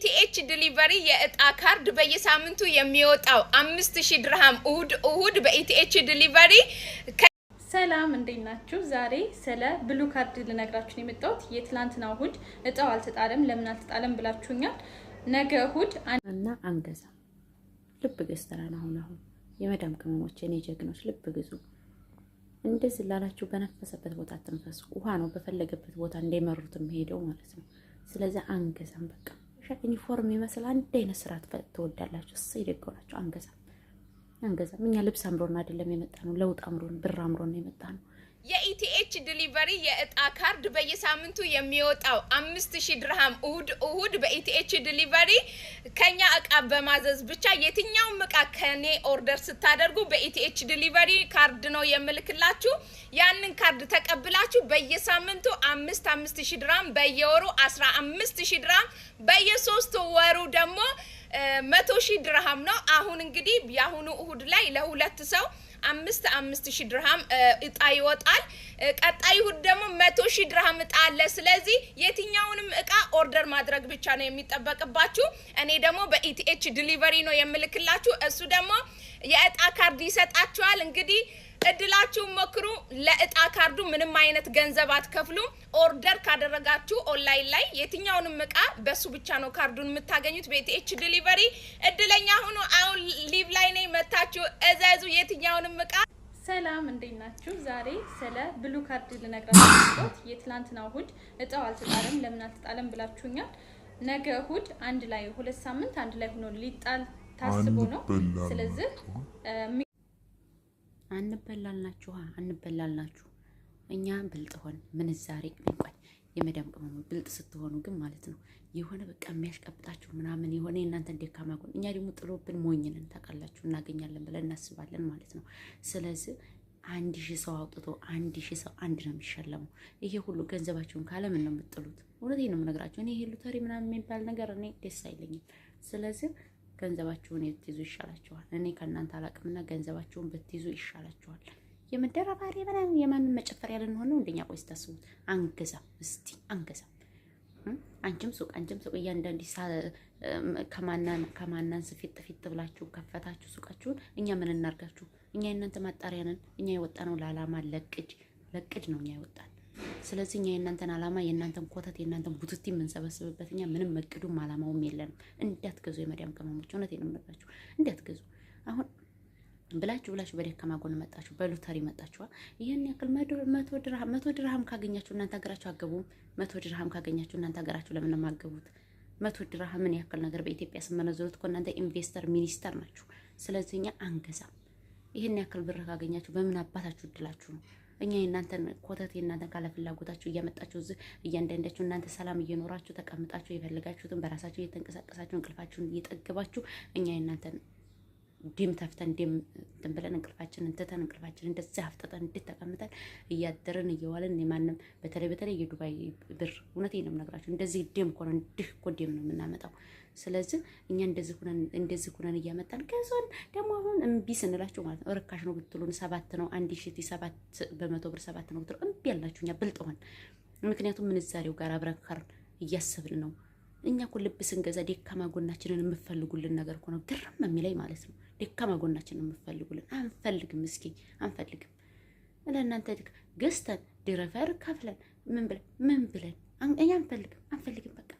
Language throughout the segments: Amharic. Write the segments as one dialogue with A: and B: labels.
A: ኢቲኤች ዲሊቨሪ የእጣ ካርድ በየሳምንቱ የሚወጣው አምስት ሺህ ድርሃም እሁድ እሁድ በኢቲኤች ዲሊቨሪ።
B: ሰላም እንዴት ናችሁ? ዛሬ ስለ ብሉ ካርድ ልነግራችሁ ነው የመጣሁት። የትላንትና እሁድ እጣው አልተጣለም። ለምን አልተጣለም ብላችሁኛል። ነገ እሁድ
C: እና አንገዛም። ልብ ገዝተናል። አሁን አሁን የመዳም ቅመሞች፣ የኔ ጀግኖች ልብ ግዙ። እንደዚህ ላላችሁ በነፈሰበት ቦታ አትንፈሱ። ውሃ ነው በፈለገበት ቦታ እንደመሩት የሚሄደው ማለት ነው። ስለዚህ አንገዛም በቃ ዩኒፎርም ይመስል አንድ አይነት ስራ ትወዳላችሁ። እሰይ ደግ ሆናችሁ። አንገዛም አንገዛም። እኛ ልብስ አምሮን አይደለም የመጣ ነው። ለውጥ አምሮን ብር አምሮን የመጣ ነው።
A: የኢቲኤች ዲሊቨሪ የእጣ ካርድ በየሳምንቱ የሚወጣው አምስት ሺህ ድርሃም እሁድ እሁድ በኢቲኤች ዲሊቨሪ ከኛ እቃ በማዘዝ ብቻ የትኛውም እቃ ከኔ ኦርደር ስታደርጉ በኢቲኤች ዲሊቨሪ ካርድ ነው የምልክላችሁ። ያንን ካርድ ተቀብላችሁ በየሳምንቱ አምስት አምስት ሺ ድርሃም፣ በየወሩ አስራ አምስት ሺ ድርሃም፣ በየሶስት ወሩ ደግሞ መቶ ሺ ድርሃም ነው። አሁን እንግዲህ የአሁኑ እሁድ ላይ ለሁለት ሰው አምስት አምስት ሺ ድርሃም እጣ ይወጣል። ቀጣይ እሁድ ደግሞ መቶ ሺ ድርሃም እጣ አለ። ስለዚህ የትኛውንም እቃ ኦርደር ማድረግ ብቻ ነው የሚጠበቅባችሁ። እኔ ደግሞ በኢቲኤች ዲሊቨሪ ነው የምልክላችሁ። እሱ ደግሞ የእጣ ካርድ ይሰጣችኋል እንግዲህ እድላችሁን ሞክሩ። ለእጣ ካርዱ ምንም አይነት ገንዘብ አትከፍሉ ኦርደር ካደረጋችሁ ኦንላይን ላይ የትኛውንም እቃ በሱ ብቻ ነው ካርዱን የምታገኙት። ቤትኤች ዲሊቨሪ እድለኛ ሁኑ። አሁን ሊቭ ላይ ነኝ፣ መታችሁ እዘዙ የትኛውንም እቃ።
B: ሰላም እንዴት ናችሁ? ዛሬ ስለ ብሉ ካርድ ልነግራችሁ። የትላንትና እሁድ እጣው አልተጣለም። ለምን አልተጣለም ብላችሁኛል። ነገ እሁድ አንድ ላይ ሁለት ሳምንት አንድ ላይ ሆኖ ሊጣል ታስቦ ነው። ስለዚህ
C: አንበላልናችሁ አንበላልናችሁ። እኛ ብልጥ ሆን ምንዛሬ እንኳን የመዳም ቅመሙ ብልጥ ስትሆኑ ግን ማለት ነው የሆነ በቃ የሚያሽቀብጣችሁ ምናምን የሆነ የእናንተ ደካማ ጎን፣ እኛ ደግሞ ጥሎብን ሞኝንን ታውቃላችሁ፣ እናገኛለን ብለን እናስባለን ማለት ነው። ስለዚህ አንድ ሺህ ሰው አውጥቶ አንድ ሺህ ሰው አንድ ነው የሚሸለመው። ይሄ ሁሉ ገንዘባችሁን ካለምን ነው የምጥሉት? እውነት ነው የምነግራችሁ። እኔ ይሄ ሎተሪ ምናምን የሚባል ነገር እኔ ደስ አይለኝም። ስለዚህ ገንዘባችሁን የብትይዙ ይሻላችኋል። እኔ ከእናንተ አላቅምና ገንዘባችሁን ብትይዙ ይሻላችኋል። የምደረባሪ ምናምን የማንም መጨፈሪያ ልንሆን ነው። እንደኛ ቆይ ስታስቡት አንገዛም፣ እስቲ አንገዛም። አንቺም ሱቅ አንቺም ሱቅ እያንዳንድ ከማናን ከማናን ስፊት ፊት ብላችሁ ከፈታችሁ ሱቃችሁን፣ እኛ ምን እናርጋችሁ? እኛ የእናንተ ማጣሪያ ነን። እኛ የወጣ ነው ለዓላማ ለቅድ ለቅድ ነው እኛ የወጣ ስለዚህ እኛ የእናንተን አላማ የእናንተን ኮተት የእናንተን ቡትቲ የምንሰበስብበት እኛ ምንም እቅዱም አላማውም የለንም። እንዳትገዙ የመዳም ቅመሞች፣ እውነት ነው እንዳትገዙ። አሁን ብላችሁ ብላችሁ በደካማ ጎን መጣችሁ፣ በሎተሪ መጣችኋ። ይህን ያክል መቶ ድርሃም ካገኛችሁ እናንተ ሀገራችሁ አገቡም። መቶ ድርሃም ካገኛችሁ እናንተ ሀገራችሁ ለምን ማገቡት? መቶ ድርሃምን ያክል ነገር በኢትዮጵያ ስመነዘሩት እኮ እናንተ ኢንቨስተር ሚኒስተር ናችሁ። ስለዚህ እኛ አንገዛም። ይህን ያክል ብር ካገኛችሁ በምን አባታችሁ እድላችሁ ነው? እኛ የእናንተን ኮተት የእናንተን ካለ ፍላጎታችሁ እያመጣችሁ እዚህ እያንዳንዳችሁ እናንተ ሰላም እየኖራችሁ ተቀምጣችሁ የፈለጋችሁትን በራሳችሁ እየተንቀሳቀሳችሁ እንቅልፋችሁን እየጠገባችሁ እኛ የእናንተን ዲም ተፍተን ዲም እንትን ብለን እንቅልፋችንን ትተን እንቅልፋችንን እንደዚህ አፍጥጠን እንዴት ተቀምጠን እያደርን እየዋልን የማንም በተለይ በተለይ የዱባይ ብር እውነቴን ነው የምነግራቸው። እንደዚህ ዲም ከሆነ ነው እንዲህ እኮ ዲም ነው የምናመጣው። ስለዚህ እኛ እንደዚህ ሁነን እንደዚህ ሁነን እያመጣን ገዞን ደግሞ አሁን እምቢ ስንላችሁ ማለት ነው ርካሽ ነው ብትሉን ሰባት ነው አንድ ሽቲ ሰባት በመቶ ብር ሰባት ነው ብትሉ እምቢ ያልናችሁ እኛ ብልጥ ሆን። ምክንያቱም ምንዛሬው ጋር አብረን እያሰብን ነው እኛ እኮ ልብ ስንገዛ ደካማ ጎናችንን የምፈልጉልን ነገር እኮ ነው ግርም የሚለኝ ማለት ነው። ደካማ ጎናችንን የምፈልጉልን አንፈልግም፣ እስኪ አንፈልግም። ለእናንተ ገዝተን ድረፈር ከፍለን ምን ብለን ምን ብለን እኛ አንፈልግም፣ አንፈልግም በቃ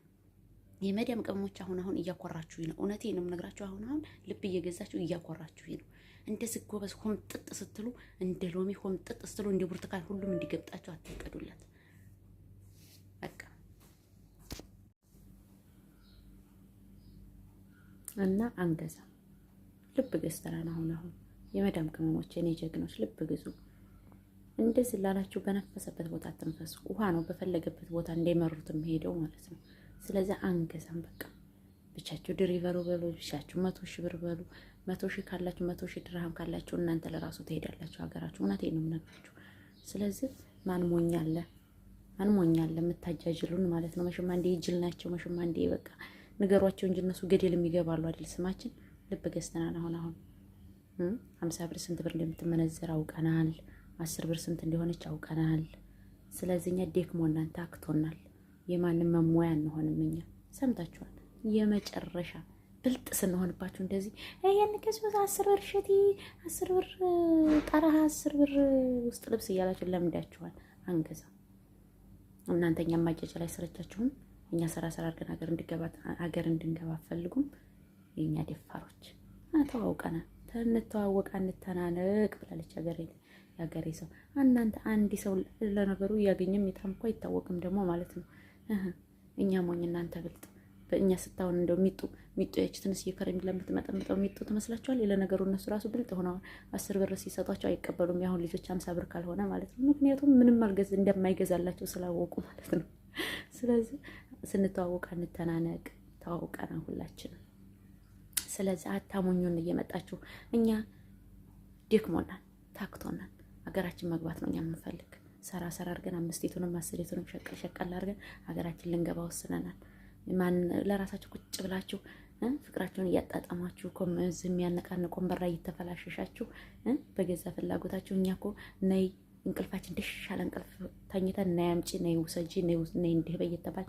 C: የመዲያም ቅመሞች አሁን አሁን እያኮራችሁ ነው። እውነቴ ነው የምነግራችሁ። አሁን አሁን ልብ እየገዛችሁ እያኮራችሁ ነው። እንደ ስጎበዝ ሆምጥጥ ስትሉ፣ እንደ ሎሚ ሆምጥጥ ስትሉ፣ እንደ ብርቱካን ሁሉም እንዲገብጣችሁ አትቀዱላት። እና አንገዛም። ልብ ገዝተናል። አሁን አሁን የመዳም ቅመሞች የኔ ጀግኖች ልብ ግዙ። እንደዚህ ላላችሁ በነፈሰበት ቦታ አትንፈሱ። ውሃ ነው በፈለገበት ቦታ እንደመሩት የሚሄደው ማለት ነው። ስለዚህ አንገዛም። በቃ ብቻችሁ ድሪቨሩ በሉ፣ ብቻችሁ መቶ ሺ ብር በሉ። መቶ ሺ ካላችሁ መቶ ሺ ድርሃም ካላችሁ እናንተ ለራሱ ትሄዳላችሁ ሀገራችሁ። እውነቴን ነው የምነግራችሁ። ስለዚህ ማን ሞኛለ ማን ሞኛለ የምታጃጅሉን ማለት ነው። መሽማ እንዴ ይጅል ናቸው። መሽማ እንዴ በቃ ንገሯቸው እንጂ እነሱ ገደል የሚገባሉ አይደል? ስማችን ልብ ገዝተናል። አሁን አሁን ሀምሳ ብር ስንት ብር እንደምትመነዘር አውቀናል። አስር ብር ስንት እንደሆነች አውቀናል። ስለዚህ እኛ ደክሞናል፣ ታክቶናል። የማንም መሞያ እንሆንም እኛ። ሰምታችኋል። የመጨረሻ ብልጥ ስንሆንባቸው እንደዚህ ይህን ከዚህ በዛ አስር ብር ሸቲ፣ አስር ብር ጠረሃ፣ አስር ብር ውስጥ ልብስ እያላችሁ ለምዳችኋል። አንገዛ እናንተኛ ማጨጨ ላይ ስረቻችሁም እኛ ሰራ ሰራ አድርገን ሀገር እንድገባ ሀገር እንድንገባ ፈልጉም የእኛ ደፋሮች ተዋውቀና እንተዋወቃ እንተናነቅ ብላለች ሀገሬ የሀገሬ ሰው። እናንተ አንድ ሰው ለነገሩ እያገኘም የታም እኮ አይታወቅም ደግሞ ማለት ነው። እኛ ሞኝ እናንተ ብልጥ። በእኛ ስታሁን እንደው ሚጡ ሚጡ ያች ትንሽ ከረሜላ የምትመጠምጠው ሚጡ ትመስላችኋል። ለነገሩ እነሱ ራሱ ብልጥ ሆነዋል። አስር ብር ሲሰጧቸው አይቀበሉም። የአሁን ልጆች አምሳ ብር ካልሆነ ማለት ነው። ምክንያቱም ምንም አልገዝ እንደማይገዛላቸው ስላወቁ ማለት ነው። ስለዚህ ስንተዋወቅ እንተናነቅ፣ ተዋውቀና ሁላችንም። ስለዚህ አታሞኙን እየመጣችሁ እኛ ደክሞናል፣ ታክቶናል። ሀገራችን መግባት ነው እኛ የምንፈልግ። ሰራ ሰራ አድርገን አምስቴቱንም አስሬቱንም ሸቀል ሸቀል አድርገን ሀገራችን ልንገባ ወስነናል። ማን ለራሳችሁ ቁጭ ብላችሁ ፍቅራችሁን እያጣጣማችሁ ኮምዝ የሚያነቃንቅ ወንበር እየተፈላሸሻችሁ በገዛ ፍላጎታችሁ እኛ እኮ ነይ እንቅልፋችን ደሽ ያለ እንቅልፍ ተኝተን እና ያምጪ ነይ ውሰጂ ነይ እንዲህ በይ እየተባል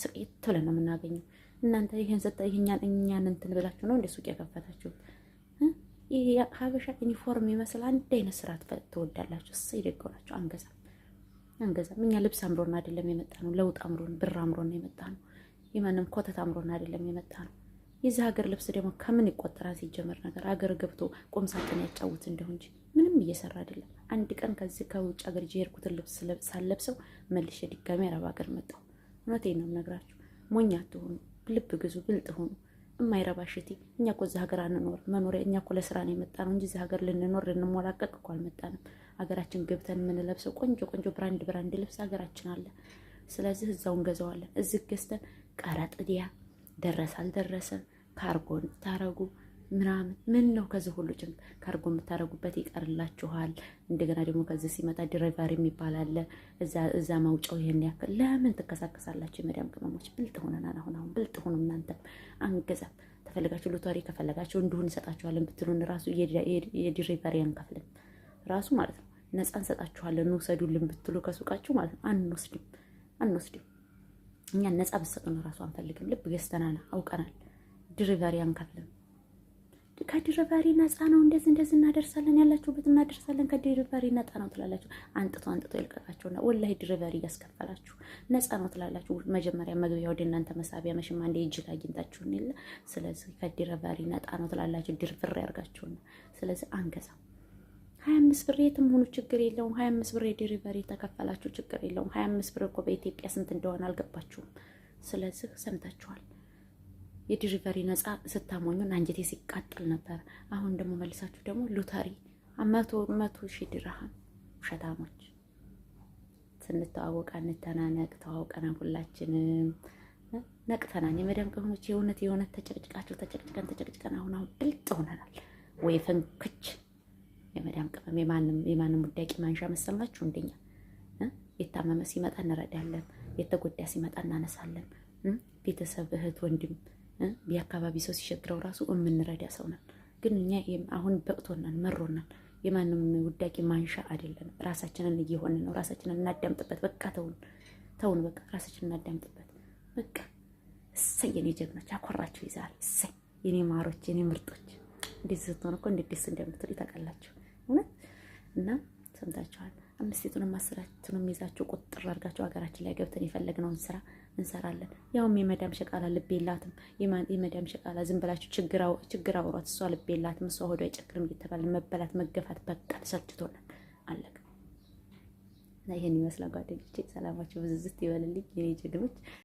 C: ስቅይት ብለን ነው የምናገኘው። እናንተ ይህን ሰጠ ይህኛን እኛን እንትን ብላችሁ ነው እንደ ሱቅ የከፈታችሁት። ይህ ሀበሻ ዩኒፎርም ይመስል አንድ አይነት ስራ ትወዳላችሁ። እሰይ ደግ ናቸው። አንገዛም አንገዛም። እኛ ልብስ አምሮን አይደለም የመጣ ነው። ለውጥ አምሮን፣ ብር አምሮን የመጣ ነው። የማንም ኮተት አምሮን አይደለም የመጣ ነው። የዚህ ሀገር ልብስ ደግሞ ከምን ይቆጠራል? ሲጀመር ነገር አገር ገብቶ ቁም ሳጥን ያጫውት እንደሆን እንጂ ምንም እየሰራ አይደለም። አንድ ቀን ከዚህ ከውጭ ሀገር የሄድኩትን ልብስ ሳለብሰው መልሼ ድጋሚ አረብ ሀገር መጣሁ። እውነቴን ነው የምነግራችሁ። ሞኝ አትሆኑ፣ ልብ ግዙ፣ ብልጥ ሆኑ። የማይረባ እኛ እኮ እዚህ ሀገር አንኖር መኖሪያ እኛ እኮ ለስራ ነው የመጣ ነው እንጂ እዚህ ሀገር ልንኖር ልንሞላቀቅ እኮ አልመጣንም። ሀገራችን ገብተን የምንለብሰው ቆንጆ ቆንጆ ብራንድ ብራንድ ልብስ ሀገራችን አለ። ስለዚህ እዛው እንገዛዋለን። እዚህ ገዝተን ቀረጥ ዲያ ደረሰ አልደረሰ ካርጎ የምታረጉ ምናምን ምን ነው ከዚህ ሁሉ ጭም ካርጎ የምታረጉበት ይቀርላችኋል። እንደገና ደግሞ ከዚህ ሲመጣ ድራይቨር የሚባል አለ። እዛ ማውጫው ይሄን ያክል ለምን ትከሳከሳላችሁ? የመዳም ቅመሞች ብልጥ ሆነናል። አሁን አሁን ብልጥ ሆኑ። እናንተም አንገዛም። ተፈለጋችሁ ሎተሪ ከፈለጋችሁ እንዲሁን እንሰጣችኋለን ብትሉን ራሱ የድራይቨር ያንከፍልን ራሱ ማለት ነው ነፃ እንሰጣችኋለን እንውሰዱልን ብትሉ ከሱቃችሁ ማለት ነው አንወስድም፣ አንወስድም። እኛ ነፃ ብትሰጡን ራሱ አንፈልግም። ልብ ገዝተናና አውቀናል። ድሪቨሪ አንከፍልም። ከድሪቨሪ ነፃ ነው፣ እንደዚህ እንደዚህ እናደርሳለን፣ ያላችሁበት እናደርሳለን፣ ከድሪቨሪ ነፃ ነው ትላላችሁ። አንጥቶ አንጥቶ ይልቀቃችሁና ወላሂ ድሪቨሪ እያስከፈላችሁ ነፃ ነው ትላላችሁ። መጀመሪያ መግቢያ ወደ እናንተ መሳቢያ መሽማ እንደ እጅግ አግኝታችሁ የለ። ስለዚህ ከድሪቨሪ ነፃ ነው ትላላችሁ፣ ድርፍሬ ያርጋችሁና፣ ስለዚህ አንገዛም። ሀያ አምስት ብር የትም ሆኑ ችግር የለውም። ሀያ አምስት ብር የድሪቨሪ ተከፈላችሁ ችግር የለውም። ሀያ አምስት ብር እኮ በኢትዮጵያ ስንት እንደሆነ አልገባችሁም። ስለዚህ ሰምታችኋል። የዲሪቨሪ ነፃ ስታሞኙን አንጀቴ ሲቃጠል ነበር። አሁን ደግሞ መልሳችሁ ደግሞ ሎተሪ መቶ መቶ ሺህ ድርሃም ውሸታሞች። ስንተዋወቀ እንተናነቅ። ተዋውቀና ሁላችንም ነቅተናን የመደም ቅመሞች የእውነት የእውነት ተጨቅጭቃቸው ተጨቅጭቀን ተጨቅጭቀን አሁን አሁን ብልጥ ሆነናል። ወይ ፈንክች የመዳም ቅመም የማንም ውዳቂ ማንሻ መሰማችሁ እንደኛ የታመመ ሲመጣ እንረዳለን፣ የተጎዳ ሲመጣ እናነሳለን። ቤተሰብ፣ እህት፣ ወንድም የአካባቢ ሰው ሲቸግረው ራሱ የምንረዳ ሰው ነን። ግን እኛ አሁን በቅቶናል፣ መሮናል። የማንም ውዳቂ ማንሻ አይደለም። ራሳችንን እየሆነ ነው። ራሳችንን እናዳምጥበት። በቃ ተውን፣ ተውን። በቃ ራሳችንን እናዳምጥበት። በቃ እሰይ፣ የኔ ጀግኖች፣ አኮራችሁ ይዛል። እሰይ፣ የኔ ማሮች፣ የኔ ምርጦች። እንዴት ስትሆን እኮ እንዴት ደስ እንደምትሉ ታውቃላችሁ። እውነት እና ሰምታችኋል። አምስቱንም አስራቱንም ይዛችሁ ቁጥር አድርጋችሁ ሀገራችን ላይ ገብተን የፈለግነውን ስራ እንሰራለን። ያውም የመዳም ሸቃላ ልብ የላትም። የመዳም ሸቃላ ዝም ብላችሁ ችግር አውሯት፣ እሷ ልብ የላትም፣ እሷ ሆዶ አይጨክርም እየተባለ መበላት መገፋት በቃ ተሰልችቶናል። አለቀ። ይህን ይመስላል ጓደኞቼ። ሰላማችሁ ብዝዝት ይበልልኝ የኔ ጀግኖች።